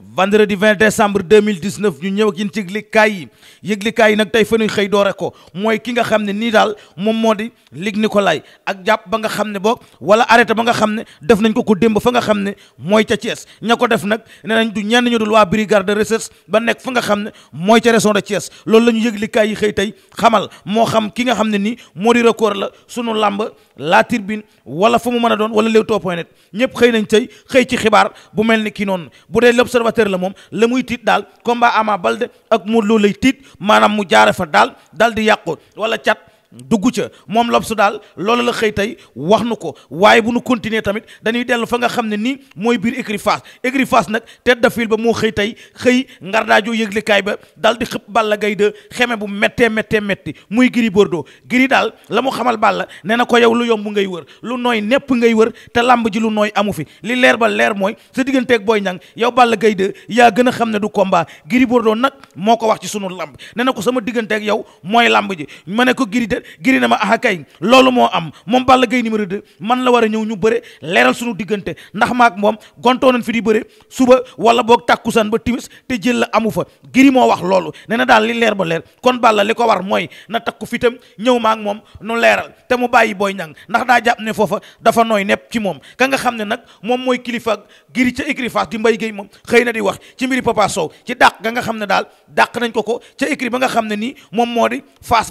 vendredi 20 décembre 2019 ñu ñëw ak yéen ci yëglikaay yi yëglikaay yi nag tey fa ñuy xëy doore ko mooy ki nga xam ne nii daal moom moo di Luc Nicolaï ak jàpp ba nga xam ne boog wala arrêté ba nga xam ne def nañ ko ko démb fa nga xam ne mooy ca Thiès ña ko def nag nee nañ du ñenn ñu dul waa brigade de recherche ba nekk fa nga xam ne mooy ca de Thiès loolu la ñu yëglikaay yi xëy tey xamal moo xam ki nga xam ne nii moo di record la sunu làmb la tribune wala fu mu mën a doon wala Leewtoo point net ñëpp xëy nañ tey xëy ci xibaar bu amateur la moom la muy tiit daal combat Ama Baldé ak Modou Lo lay maanaam mu jaare fa daal daal di yàqu wala cat dugg ca moom su daal loolu la xëy tey wax nu ko waaye bu nu continuer tamit dañuy dellu fa nga xam ne nii mooy biir écurie Fass écurie nag tête de file ba moo xëy tey xëy ngardaajoo yëglikaay ba dal di xëpp Balla Gaye de xeme bu méttee méttee métti muy Gris giri daal la mu xamal Balla nee na ko yow lu yomb ngay wër lu nooy nepp ngay wër te làmb ji lu nooy amu fi li leer ba leer mooy sa digganteeg booy Niang yow Balla Gaye yaa gën a xam ne du combat Gris Bordeaux nag moo ko wax ci sunu làmb nee na ko sama digganteeg yow mooy làmb ji ma ne ko déedéet giri na ma aha loolu moo am moom Balla Gaye numéro man la war a ñëw ñu bëre leeral suñu diggante ndax maak moom gontoo nañ fi di bëre suba wala boog tàkkusaan ba timis te jël la amu fa giri moo wax loolu nee na daal li leer ba leer kon Balla li ko war mooy na takku fitam ñëw maak moom nu leeral te mu bàyyi booy ñang ndax daa jàpp ne foofa dafa nooy nepp ci moom ka nga xam ne nag moom mooy kilifa giri ca écurie Fass di mbay Guèye moom xëy na di wax ci mbiri Papa ci dàq ga nga xam ne daal dàq nañ ko ko ca ba nga xam ne nii moom moo di Fass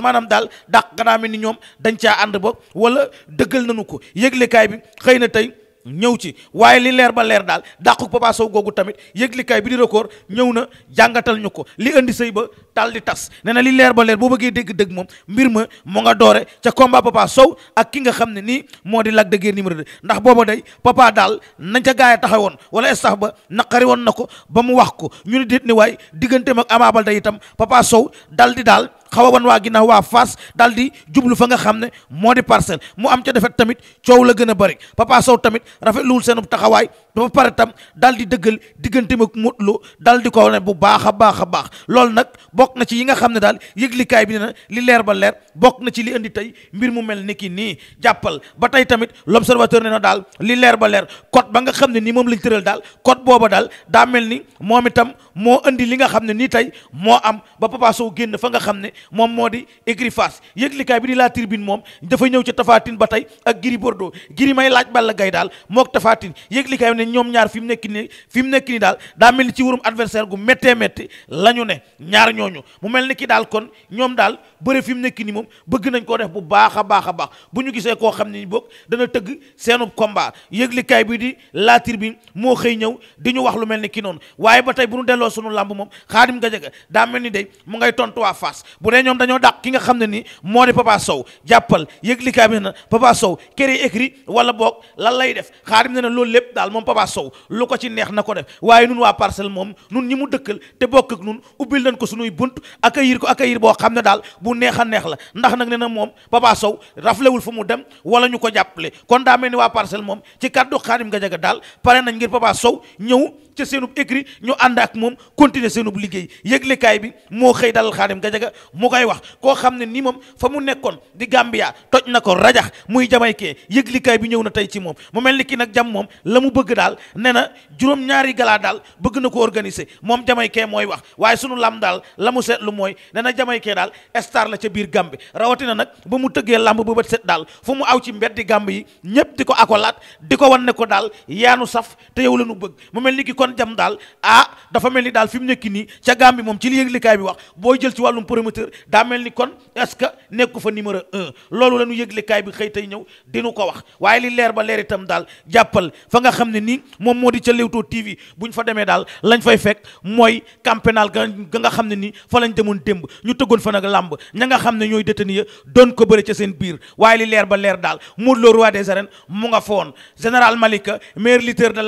xanaa mel ni ñoom dañ caa ànd ba wala dëggal nañu ko yëglekaay bi xëy na tey ñëw ci waaye li leer ba leer daal dàqu Papa Sow googu tamit yëglikaay bi di record ñëw na jàngatal ñu ko li indi sëy ba tal di tas nee na li leer ba leer boo bëggee dégg-dëgg moom mbir ma mu nga doore ca combat Papa Sow ak ki nga xam ne nii moo di Lac dëggee Guiers numéro ndax booba day papa daal nañ ca gaay taxawoon wala staff ba naqari woon na ko ba mu wax ko ñu ne déet ni waay digganteem ak itam Papa Sow dal di xaw a wan waa ginnaaw waa Fass daal di jublu fa nga xam ne moo di parcelle mu am ca defet tamit coow la gën a bari Papa Sow tamit rafetluwul seen taxawaay dafa pare tam daal di dëggal diggante mag Modou Lo daal di ko ne bu baax a baax a baax loolu nag bokk na ci yi nga xam ne daal yëglikaay bi ne na li leer ba leer bokk na ci li indi tey mbir mu mel ni ki nii jàppal ba tey tamit l'observateur ne na daal li leer ba leer code ba nga xam ne nii moom lañ tëral daal code booba daal daa mel ni moom itam moo indi li nga xam ne nii tey moo am ba Papa Sow génn fa nga xam ne moom moo di écurie fas yëglikaay bi di laa tribune moom dafa ñëw ca tafaatin ba tey ak Gris Bordeaux Gris may laaj Balla gay daal moo mook Tafatine yëglikaay bi ne ñoom ñaar fi mu nekk nii fi mu nekk ni daal daa ni ci wurum adversaire gu méttee métti la ñu ne ñaar ñooñu mu mel ni ki daal kon ñoom daal bëre fi mu nekk ni moom bëgg nañ koo def bu baax a baax a baax bu ñu gisee koo xam ni boog dana tëgg seenub combat yëglikaay bi di la tribune moo xëy ñëw di ñu wax lu mel ni ki noonu waaye ba tey bu ñu delloo sunu làmb moom Xaadim Gajaga daa mel ni day mu ngay tontu waa Fass bu dee ñoom dañoo dàq ki nga xam ne ni moo di Papa Sow jàppal yëg li kaay bi na Papa Sow kër écrit wala boog lan lay def xaarim ne na loolu lépp daal moom Papa Sow lu ko ci neex na ko def waaye nun waa parcelle moom nun ñi mu dëkkal te bokk ak nun ubbil nañ ko suñuy bunt accueillir ko accueillir boo xam ne daal bu neex a neex la ndax nag ne na moom Papa Sow raflewul fa mu dem wala ñu ko jàppale kon daa mel ni waa parcelle moom ci kàddu xaarim nga jaga daal pare nañ ngir Papa Sow ñëw ca seenub écrit ñu ànd ak moom continuer seenub liggéey yëglekaay bi moo xëy dalal Xaadim Gajaga mu koy wax koo xam ne nii moom fa mu nekkoon di Gambia toj na ko rajax muy jamaykee yëglekaay bi ñëw na tey ci moom mu mel ni ki nag jam moom la mu bëgg daal ne na juróom-ñaari galaa daal bëgg na ko organiser moom jamaykee mooy wax waaye sunu lam daal la mu seetlu mooy ne jamaykee daal star la ca biir Gambie rawatina nag ba mu tëggee làmb ba bët set daal fu mu aw ci mbeddi gàmb yi ñépp di ko akolaat di ko wan ne ko daal yaanu saf te yow la bëgg mu mel ni ki kon jam daal ah, dafa mel ni daal fi mu nekk nii ca Gàmbi moom ci li yëglikaay bi wax booy jël ci wàllum promoteur daa mel ni kon est-ce que nekku fa numéro un loolu la ñu yëglikaay bi xëy tey ñëw dinu ko wax waaye li leer ba leer itam daal jàppal fa nga xam ne nii moom moo di ca Leewtoo TV bu ñu fa demee daal lañ fay fekk mooy camp pénal ga nga xam ne nii fa lañ demoon démb ñu tëggoon fa nag làmb ña nga xam ne ñooy détenu ya doon ko bëre ca seen biir waaye li leer ba leer daal Modou Lo roi des arènes mu nga foon général Malika meilleur lutteur de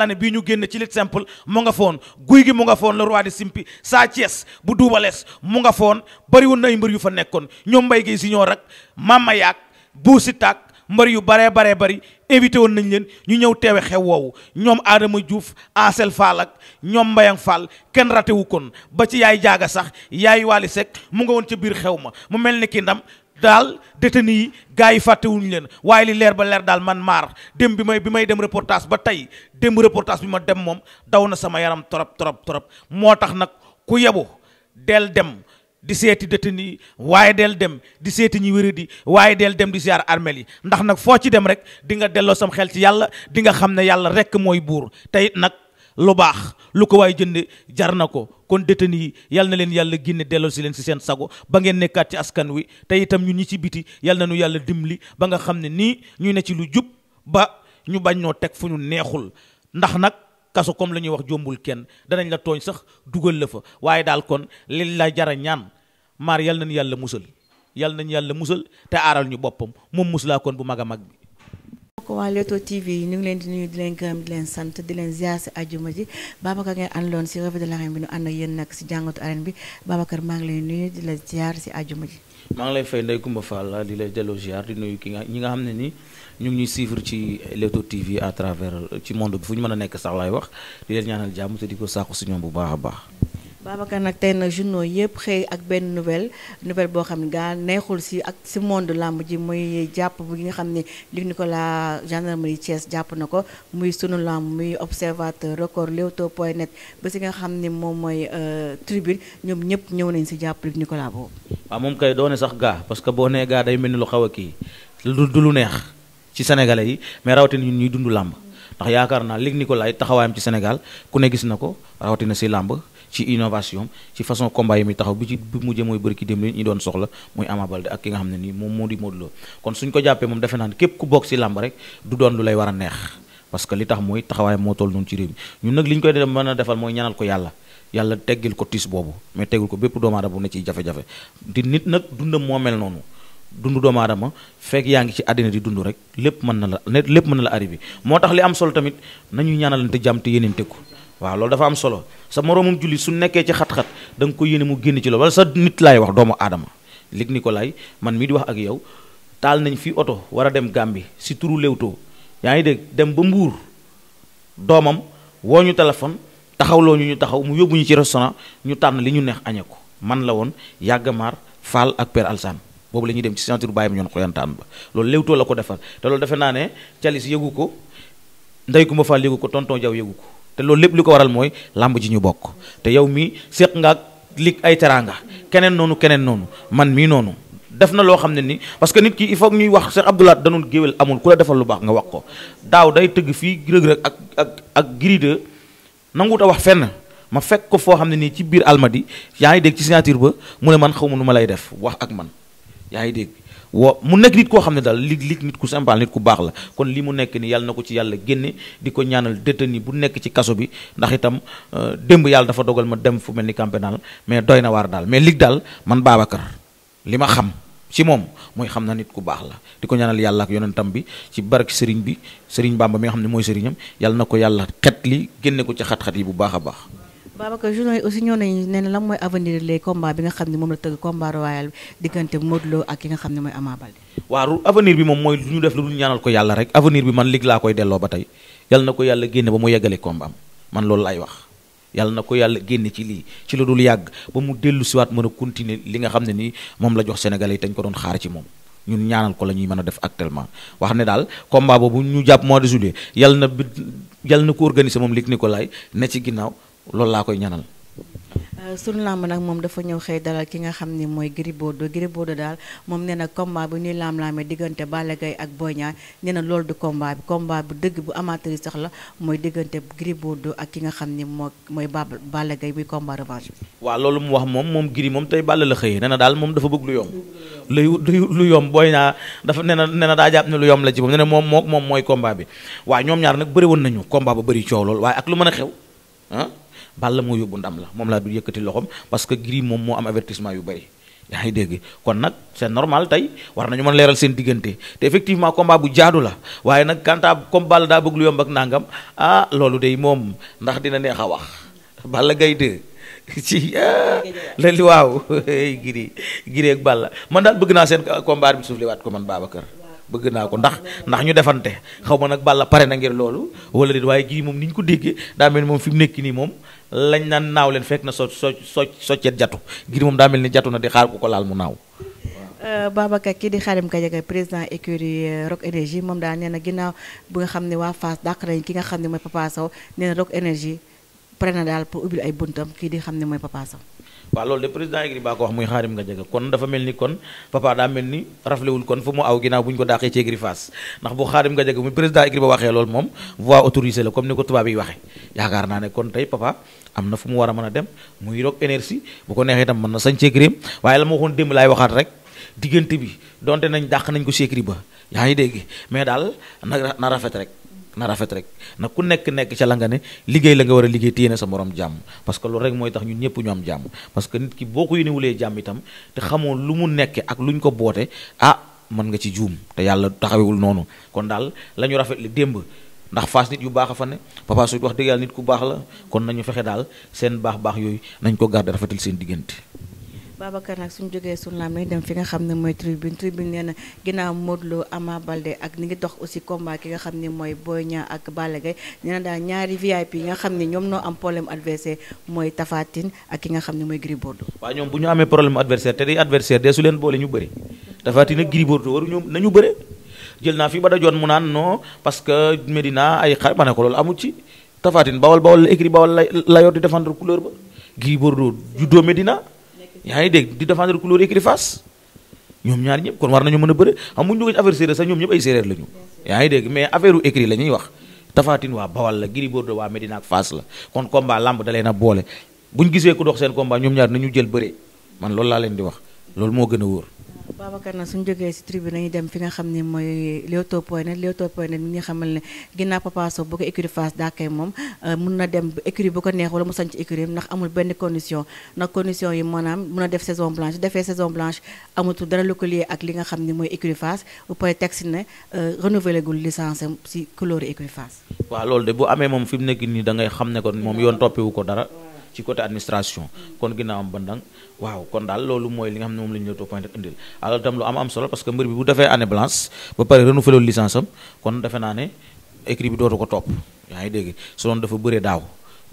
mu nga foon guy gi mu nga foon le roi de simpi saa Thiès bu duubalees mu nga foon bëri woon na ay mbër yu fa nekkoon ñoom mbay gi si ñoo rek mama yaag buusi taak mbër yu baree baree bari invité woon nañ leen ñu ñëw teewe xew woowu ñoom Adama Diouf Ansel Fall ak ñoom Mbayang Fall kenn ratewu kon ba ci yaay jaaga sax yaay Waly Seck mu nga woon ca biir xew ma mu mel ni kii ndam daal détenu yi gars yi fàttewuñu leen waaye li leer ba leer daal man maar dem bi may bi may dem reportage ba tey dem reportage bi ma dem moom daw na sama yaram trop trop trop moo tax nag ku yebu del dem di seeti détenu waaye del dem di seeti ñi wéri di waaye del dem di ziar armel yi ndax nag foo ci dem rek di nga delloo sam xel ci yàlla di nga xam ne yàlla rek mooy buur tey nag lu baax lu ko waay jënd jar na ko kon détenu yi yal na leen yàlla génne delloo si leen si seen sago ba ngeen nekkaat ci askan wi te itam ñun ñi ci biti yal na nu yàlla dimbali ba nga xam ne nii ñu ne ci lu jub ba ñu bañ noo teg fu ñu neexul ndax nag kaso comme la ñuy wax jombul kenn danañ la tooñ sax dugal la fa waaye daal kon li la jara ñaan maar yal nañu yàlla musal yal nañu yàlla musal te aaral ñu boppam moom muslaa kon bu mag a mag bi ko waa Leewtoo TV ñu ngi leen di nuyu di leen gërëm di leen sant di leen ziar si àjjuma ji Babacar ngeen àndaloon si revue de l'arène bi ñu ànd ak yéen nag si jàngatu arène bi Babacar maa ngi lay nuyu di la ziar si àjjuma ji. maa ngi lay fay Ndeye Coumba Fall di lay delloo ziar di nuyu ki nga ñi nga xam ne nii ñu ngi ñuy ci Leewtoo TV à travers ci monde bi fu ñu mën a nekk sax laay wax di leen ñaanal jàmm te di ko sàkku si ñoom bu baax a baax. Babacar nag tey nag journaux yëpp xëy ak benn nouvelle nouvelle boo xam ne gaa neexul si ak si monde làmb ji muy jàpp bi nga xam ne Luc Nicolas gendarmerie Thiès jàpp na ko muy sunu làmb muy observateur record Leewtoo point net ba si nga xam ne moom mooy euh, tribune ñoom ñëpp ñëw nañ si jàpp Luc Nicolas boobu. waaw moom kay doone sax gaa parce que boo nee gaa day mel ni lu xaw a kii du du lu neex ci sénégalais yi mais rawatina ñun ñuy dund làmb ndax yaakaar naa Luc Nicolas taxawaayam ci Sénégal ku ne gis na ko rawatina si làmb. ci innovation ci façon combat mi taxaw bi ci bi mujjee mooy bëri ki dem li ñu doon soxla muy Ama Baldé ak ki nga xam ne nii moom moo di Modou Lo kon suñ ko jàppee moom defe naa ne képp ku bokk si làmb rek du doon lu lay war a neex parce que li tax mooy taxawaay moo toll noonu ci réew mi ñun nag li ñu koy dem mën a defal mooy ñaanal ko yàlla yàlla teggil ko tiis boobu mais teggil ko bépp doomu aadama bu ne ciy jafe-jafe di nit nag dundam moo mel noonu dund doomu aadama fekk yaa ngi ci àddina di dund rek lépp mën na la lépp mën na la arrivé moo tax li am solo tamit nañu ñaanalante jàmm te yéenente ko waaw loolu dafa am solo sa moroomum julli su nekkee ci xat-xat da ko yéene mu génn ci loolu wala sa nit laay wax doomu aadama lig Nikolaay man mii di wax ak yow taal nañ fi oto war a dem Gàmbi si turu Leewtoo yaa ngi dégg dem ba Mbuur doomam woo ñu téléphone taxawloo ñu ñu taxaw mu yóbbu ñu ci restaurant ñu tànn li ñu neex añe ko man la woon yàgg maar Fall ak Père Alsane boobu la ñuy dem ci ceinture bàyyi ñoon xoyantaan ba loolu Leewtoo la ko defal te loolu defe naa ne calis yëgu ko ndey ma Fall ko tonton Jaw yëgu ko te loolu lépp li ko waral mooy làmb ji ñu bokk te yow mii séq nga lig ay teraanga keneen noonu keneen noonu man mii noonu def na loo xam ne ni parce que nit kii i faut ñuy wax Cheikh Abdoulaye danoon géwél amul ku la defal lu baax nga wax ko daaw day tëgg fii rëg-rëg ak ak ak giride nanguut a wax fenn ma fekk ko foo xam ne nii ci biir almadi yaa ngi dégg ci signature ba mu ne man xaw ma nu ma lay def wax ak man yaa ngi dégg wa mu nekk nit koo xam ne daal li li nit ku simple nit ku baax la kon li mu nekk ni yàlla na ko ci yàlla génne di ko ñaanal détenu bu nekk ci kaso bi ndax itam euh, démb yàlla dafa dogal ma dem fu mel ni camp pénal mais doy na waar daal mais lig daal man Babacar li ma xam ci moom mooy xam na nit ku baax la di ko ñaanal yàlla ak yonentam bi ci barke sëriñ bi sëriñ Bamba mi nga xam ne mooy sëriñam yàlla na ko yàlla xet li génne ko ci xat-xat yi bu baax a baax Babacar journaux yi aussi ñoo nañu ne lan mooy avenir les combats bi nga xam ne moom la tëgg combat royal diggante Modou Lo ak ki nga xam ne mooy Ama Baldé. waaw avenir bi moom mooy lu ñu def lu dul ñaanal ko yàlla rek avenir bi man lig laa koy delloo ba tey yàlla na ko yàlla génne ba mu yeggale combat am man loolu laay wax. yàlla na ko yàlla génne ci lii ci lu dul yàgg ba mu dellu siwaat mën a continuer li nga xam ne nii moom la jox Sénégalais yi te ñu ko doon xaar ci moom ñun ñaanal ko la ñuy mën a def actuellement wax ne daal combat boobu ñu jàpp mois de juillet yàlla na bi yàlla na ko organiser moom lig Nicolaay ne ci ginnaaw loolu laa koy ñanal euh, sunu làmb nag moom dafa ñëw xëy dalal ki nga xam ni mooy gri Bordeaux Gris Bordeaux daal moom nee na combat bi ñuy laam-laamee diggante Balla Gaye ak Boy Niang loolu du combat bi combat dëgg bu amateur sax la mooy diggante Gris Bordeaux ak ki nga xam ni moo mooy Balla Gaye muy combat revanche bi waaw loolu mu wax moom moom Gris moom tey Balla la xëyee nee na daal moom dafa bëgg lu lu yomb Boy Niang dafa nee na nee na daa jàpp ne lu yomb la ci moom na moom moo moom mooy combat bi waaw ñaar nag bëri woon nañu combat ba bari coow lool waaye ak lu mën a xew ah? Balla moo yóbbu ndam la moom laa du yëkkati loxom parce que Gris moom moo am avertissement yu bëri yaa ngi dégg kon nag c'est normal tey war nañu mën leeral seen diggante te effectivement combat bu jaadu la waaye nag quant à comme Balla daa lu yomb ak nangam ah loolu day moom ndax dina neex a wax Balla Gaye 2 ci la li waaw Gris Gris ak Balla man daal bëgg naa seen combat bi suuf liwaat ko man Babacar bëgg naa ko ndax ndax ñu defante xaw ma nag Balla pare na ngir loolu wala déet waaye Gris moom ni ñu ko déggee daa mel moom fi nekk nii moom lañ naan naaw leen fekk na so so so soccet jatu ngir moom daa mel ni jatu na di xaar ku ko laal mu naaw. Euh, baabaka kii di Xadim Gadiaga président écurie euh, Rock Énergie moom daal nee na ginnaaw bi nga xam ne waa Fass dàq nañ ki nga xam ne mooy Papa Sow nee na Rock Énergie pare na daal pour ubbil ay buntam kii di xam ne mooy Papa Sow waaw loolu de président Aigri baa ko wax muy xaarim nga jega kon dafa mel ni kon papa daa mel ni raflewul kon fu mu aw ginnaaw bu ñu ko daaxee ci Aigri Fass ndax bu xaarim nga jega muy président Aigri ba waxee loolu moom voie autorisée la comme ni ko tubaab yi waxee yaakaar naa ne kon tey papa am na fu mu war a mën a dem muy roog énergie bu ko neexee itam mën na sañ ci Aigri waaye la ma waxoon démb laay waxaat rek diggante bi donte nañ dàq nañ ko ci Aigri ba yaa ngi dégg mais daal na rafet rek na rafet rek na ku nekk-nekk ca la nga ne liggéey la nga war a liggéey te yéene sa morom jàmm parce que loolu rek mooy tax ñun ñëpp ñu am jàmm parce que nit ki boo ko yéenewulee jàmm itam te xamoo lu mu nekkee ak lu ñu ko bootee ah mën nga ci juum te yàlla taxawewul noonu kon daal la ñu rafet li démb ndax fas nit yu baax a fa ne papa wax dëgg nit ku baax la kon nañu fexe daal seen baax baax yooyu nañ ko garder rafetal seen diggante Babacar nag suñu jógee suñu laam dem fi nga xam ne mooy tribune tribune nee na ginnaaw Modou Lo Ama Balde ak ni ngi dox aussi combat ki nga xam ne mooy Boy Niang ak Balla Gaye nee ñaari VIP yi nga xam ne ñoom noo am problème adversaire mooy Tapha ak ki nga xam ne mooy Gris Bordeaux waaw ñoom bu ñu amee problème adversaire te day adversaire dee su leen boole ñu bëri Tapha Tine ak Gris Bordeaux waru ñoom nañu bëre jël naa fi ba da mu naan noo parce que Medina ay xar ma ne ko loolu amu ci Tapha Tine bawal bawal écrit bawal la yor di défendre couleur ba Gris Bordeaux juddoo Medina yaa ngi dégg di défendre couleur écurie Fass ñoom ñaar ñëpp kon war nañu mën a bëre xam muñ jógee ci affaire séeréer sax ñoom ñëpp ay séeréer la ñu yaa ngi dégg mais affaire u écurie la wax tafaatin waa Bawal la Gris Bordeaux waa Medina ak Fass la kon combat lamb da leen a boole ñu gisee ku dox seen combat ñoom ñaar nañu jël bëre man loolu laa leen di wax loolu moo gën a wóor Babacar na suñu jógee si tribune nañu dem fi nga xam ne mooy Leewtoo point net Leewtoo point net mi nga xamal ne ginnaaw Papa Sow ko écurie daakay moom euh, mun na dem écurie bu ko neex wala mu sañ ci ndax amul benn condition ndax condition yi maanaam mun a def saison blanche su defee saison blanche amatul dara lu ko li ak li nga xam ne mooy écurie Fass bu pare teg si ne euh, renouvelé gul licence am si couleur écurie Fass. waaw loolu de bu amee moom fi mu nekk nii da ngay xam ne kon moom yoon toppiwu ko dara. ci côté administration kon ginnaawam bandang waaw kon daal loolu mooy li nga xam ne moom la ñu ñëw point indil tam lu am am solo parce que mbër bi bu defee année blanche ba pare renouvelé licence am kon defe naa ne écrit bi dootu ko topp yaa ngi dégg su dafa bëree daaw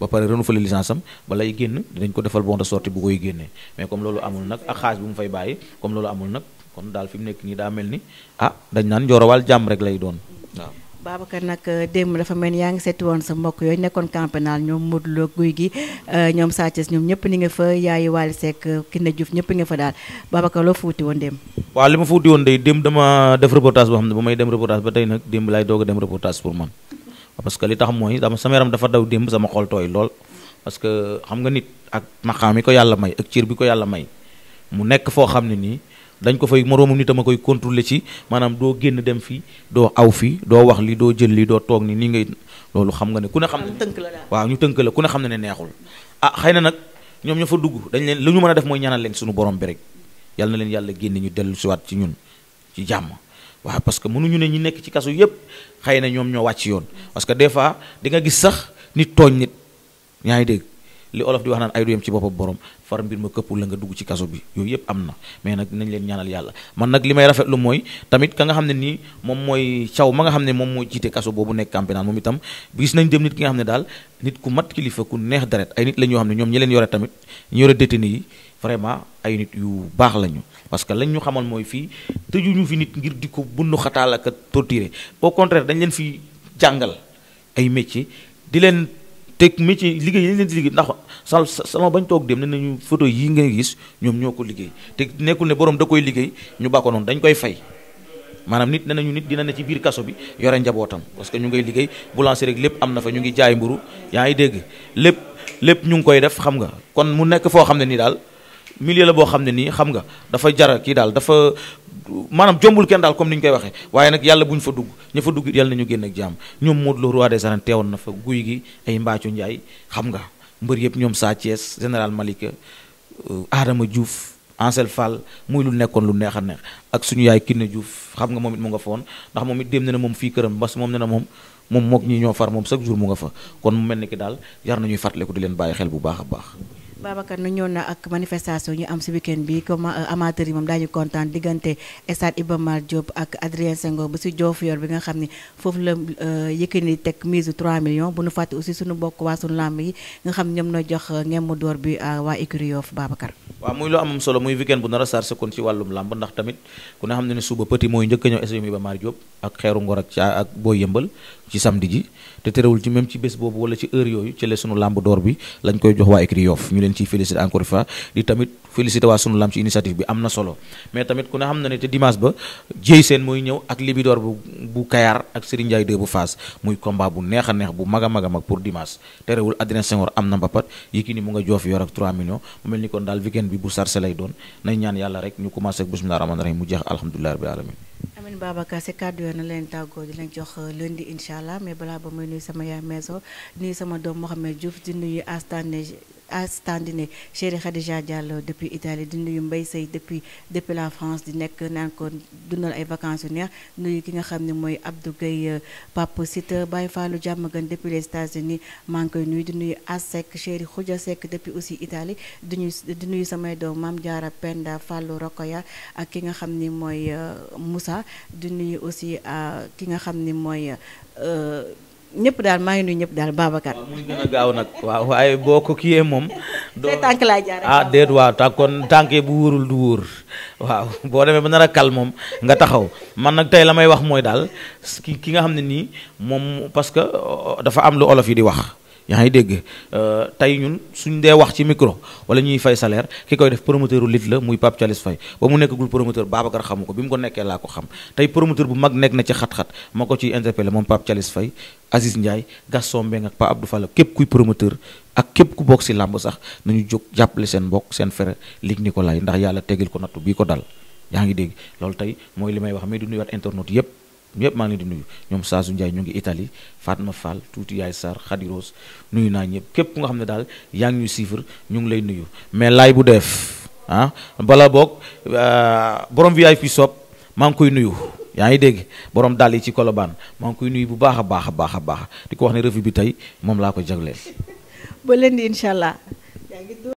ba pare renouvelé licence am balay génn dinañ ko defal bon de bu koy génnee mais comme loolu amul nag ak xaaj bu mu fay bàyyi comme loolu amul nag kon daal fi mu nekk nii daa mel ni ah dañ naan njoorowal jàmm rek lay doon waaw Babacar nag euh, démb dafa mel ni yaa ngi seeti woon sa mbokk yooyu nekkoon camp pénal ñoom Modou Lo guy gi euh, ñoom Sa Thiès ñoom ñëpp ni nga fa yaayu Waly Seck euh, Kiné Diouf ñëpp nga fa daal Babacar loo fuuti woon démb waaw li ma fuuti woon de démb dama def reportage boo xam ne ba may dem reportage ba tey nag démb laay doog a dem reportage pour man parce que li tax mooy dama sama yaram dafa daw démb sama xol tooy lool parce que xam nga nit ak maqaam mi ko yàlla may ak cër bi ko yàlla may mu nekk xam ne dañ ko fay moroomam nitam a koy contrôler ci maanaam doo génn dem fii doo aw fii doo wax li doo jël li doo toog ni nii ngay loolu xam nga ne ku ne xam ne waaw ñu tënk la ku ne xam ne ne neexul ah xëy na nag ñoom ñoo fa dugg dañu leen lu ñu mën a def mooy ñaanal leen suñu borom bi rek yàlla na leen yàlla génne ñu dellu siwaat ci ñun ci jàmm waaw parce que mënuñu ne ñi nekk ci kaso yépp xëy na ñoom ñoo wàcc yoon parce que des fois di nga gis sax nit tooñ nit ñaa ngi dégg li olof di wax naan ay du yem ci boppam borom far mbir ma këpp la nga dugg ci kaso bi yooyu yëpp am na mais nag nañ leen ñaanal yàlla man nag li may rafetlu mooy tamit ka nga xam ne nii moom mooy caw ma nga xam ne moom mooy jiite kaso boobu nekk camp pénal moom itam gis nañ dem nit ki nga xam ne daal nit ku mat kilifa ku neex deret ay nit la ñoo xam ne ñoom ñi leen yore tamit ñu yore détenu yi vraiment ay nit yu baax lañu parce que lañ ñu xamal mooy fii tëjuñu fi nit ngir di ko bundu xataal ak torturer au contraire leen fi jàngal ay te métier liggéey yi leen di liggéey ndax sa bañ toog dem ne nañu photo yi ngay gis ñoom ñoo ko liggéey te nekkul ne boroom da koy liggéey ñu bàkko noonu dañ koy fay maanaam nit ne nañu nit dina ne ci biir kaso bi yore njabootam parce que ñu ngay liggéey boulanger rek lépp am na fa ñu ngi jaay mburu yaa ngi dégg lépp lépp ñu ngi koy def xam nga kon mu nekk foo xam ne nii daal milieu la boo xam ne nii xam nga dafa jara kii daal dafa maanaam jombul kenn daal comme ni ñu koy waxee waaye nag yàlla bu ñu fa dugg ñu dugg yàlla nañu génn ak jàmm ñoom Modou Lo roi des arènes na fa guy gi ay Mbaacu Njaay xam nga mbër yëpp ñoom Sa Thiès général Malika euh, Adama juuf Ansel Fall muy lu nekkoon lu neex a neex ak suñu yaay Kiné Diouf xam nga moom it mu nga foon ndax moom it dem na ne moom fii këram bas moom ne na moom moom mook ñi ñoo far moom chaque jour mu nga fa kon mel ni ki daal yar nañuy fàttaliku di leen bàyyi xel bu baax baax Babacar nu ñëw na ak manifestation ñu am si weekend bi comme euh, amateur yi moom daañu kontaan diggante stade Iba Mar Diop ak Adrien Senghor bu si Diofior bi nga xam ni foofu la euh, Yékini teg mise 3 millions bu nu fàtte aussi suñu bokk waa suñu làmb yi xam ñoom na jox euh, ngemm door bi waa écurie Yoff Babacar waaw muy loo amam solo muy weekend bu nara a sarse kon ci wàllum làmb ndax tamit ku ne xam ne ne suba petit mooy njëkk a ñëw stade Iba Mar job ak xeeru ngor ak ak booy yëmbal ci samedi ji te terewul ci même ci bés boobu wala ci heure yooyu ci la sunu lamb d'or bi lañ koy jox waa écurie Yoff ñu leen ci félicité encore une di tamit félicité waa sunu lamb ci initiative bi am na solo mais tamit ku ne xam na ne te dimanche ba jéy seen mooy ñëw ak libidoor bu bu Kayar ak Serigne Ndiaye 2 bu Fass muy combat bu neex a neex bu mag a mag a mag pour dimanche terewul Adrien Senghor am na mbapat Yékini mu nga joof yor ak 3 millions mu mel ni kon daal weekend bi bu sarse lay doon nañ ñaan yàlla rek ñu commencé ak bismillah rahmaani rahim mu amin Babacar si kàddu yoon na leen tàggoo di leen jox euh, lundi incha allah mais balaa ba muy nuyu sama yaay maison nuyu sama doom Mohamed Diouf di nuyu Astane astandine chéri Khadija Diallo depuis Italie di nuyu Mbaye Seye depuis depuis la France di nekk naan ko dundal ay vacances yu neex nuyu ki nga xam ne mooy Abdou Gueye euh, Pape Sita Baye Fallou Diamaguène depuis les États-Unis maa ngi koy nuyu di nuyu Asek chéri Khoudia Seck depuis aussi Italie di nuyu di nuyu samay doom Mame Diarra Penda Fallou Rokhaya ak ki nga xam ni mooy euh, Moussa di nuyu aussi euh, ki nga xam ni mooy ñëpp daal maa ngi nuyu ñëpp daal Babacar. waaw muy gën a gaaw nag. waaw waaye boo ko kiyee moom. doo tànk laa jaar ah déet waaw kon tànkee bu wóorul du wóor waaw boo demee ba nar a kal moom nga taxaw man nag tey la may wax mooy daal ki ki nga xam ne nii moom parce que oh, dafa am lu olof yi di wax. yaa ngi dégg euh, tey ñun suñ dee wax ci micro wala ñuy fay salaire ki koy def promoteur lit la muy Pape Thialis Faye ba mu nekkagul promoteur Babacar xamu ko bi mu ko nekkee laa ko xam tey promoteur bu mag nekk na ci xat-xat ma ko ciy interpellé moom Pape Thialis Faye Aziz Ndiaye Gaston Mbengue ak Pape Abdou Fall képp kuy promoteur ak képp ku bokk si làmb sax nañu jóg jàppale seen mbokk seen fere lig Nicolas ndax yàlla tegil ko nattu bii ko dal yaa ngi dégg loolu tey mooy li may wax mais du nuyuwaat internet ñëpp maa ngi leen di nuyu ñoom Saasou Ndiaye ñu ngi Italie Fatma Fall tuuti Yaay Sarr Khady nuyu naa ñëpp képp ku nga xam ne daal yaa ngi ñuy suivre ñu ngi lay nuyu mais laay bu def ah bala boog euh, borom VIP Shop maa ngi koy nuyu yaa ngi dégg borom daal yi ci kolobaan maa ngi koy nuyu bu baax a baax a baax a baax di ko wax ne revue bi tey moom laa ko jagleel. ba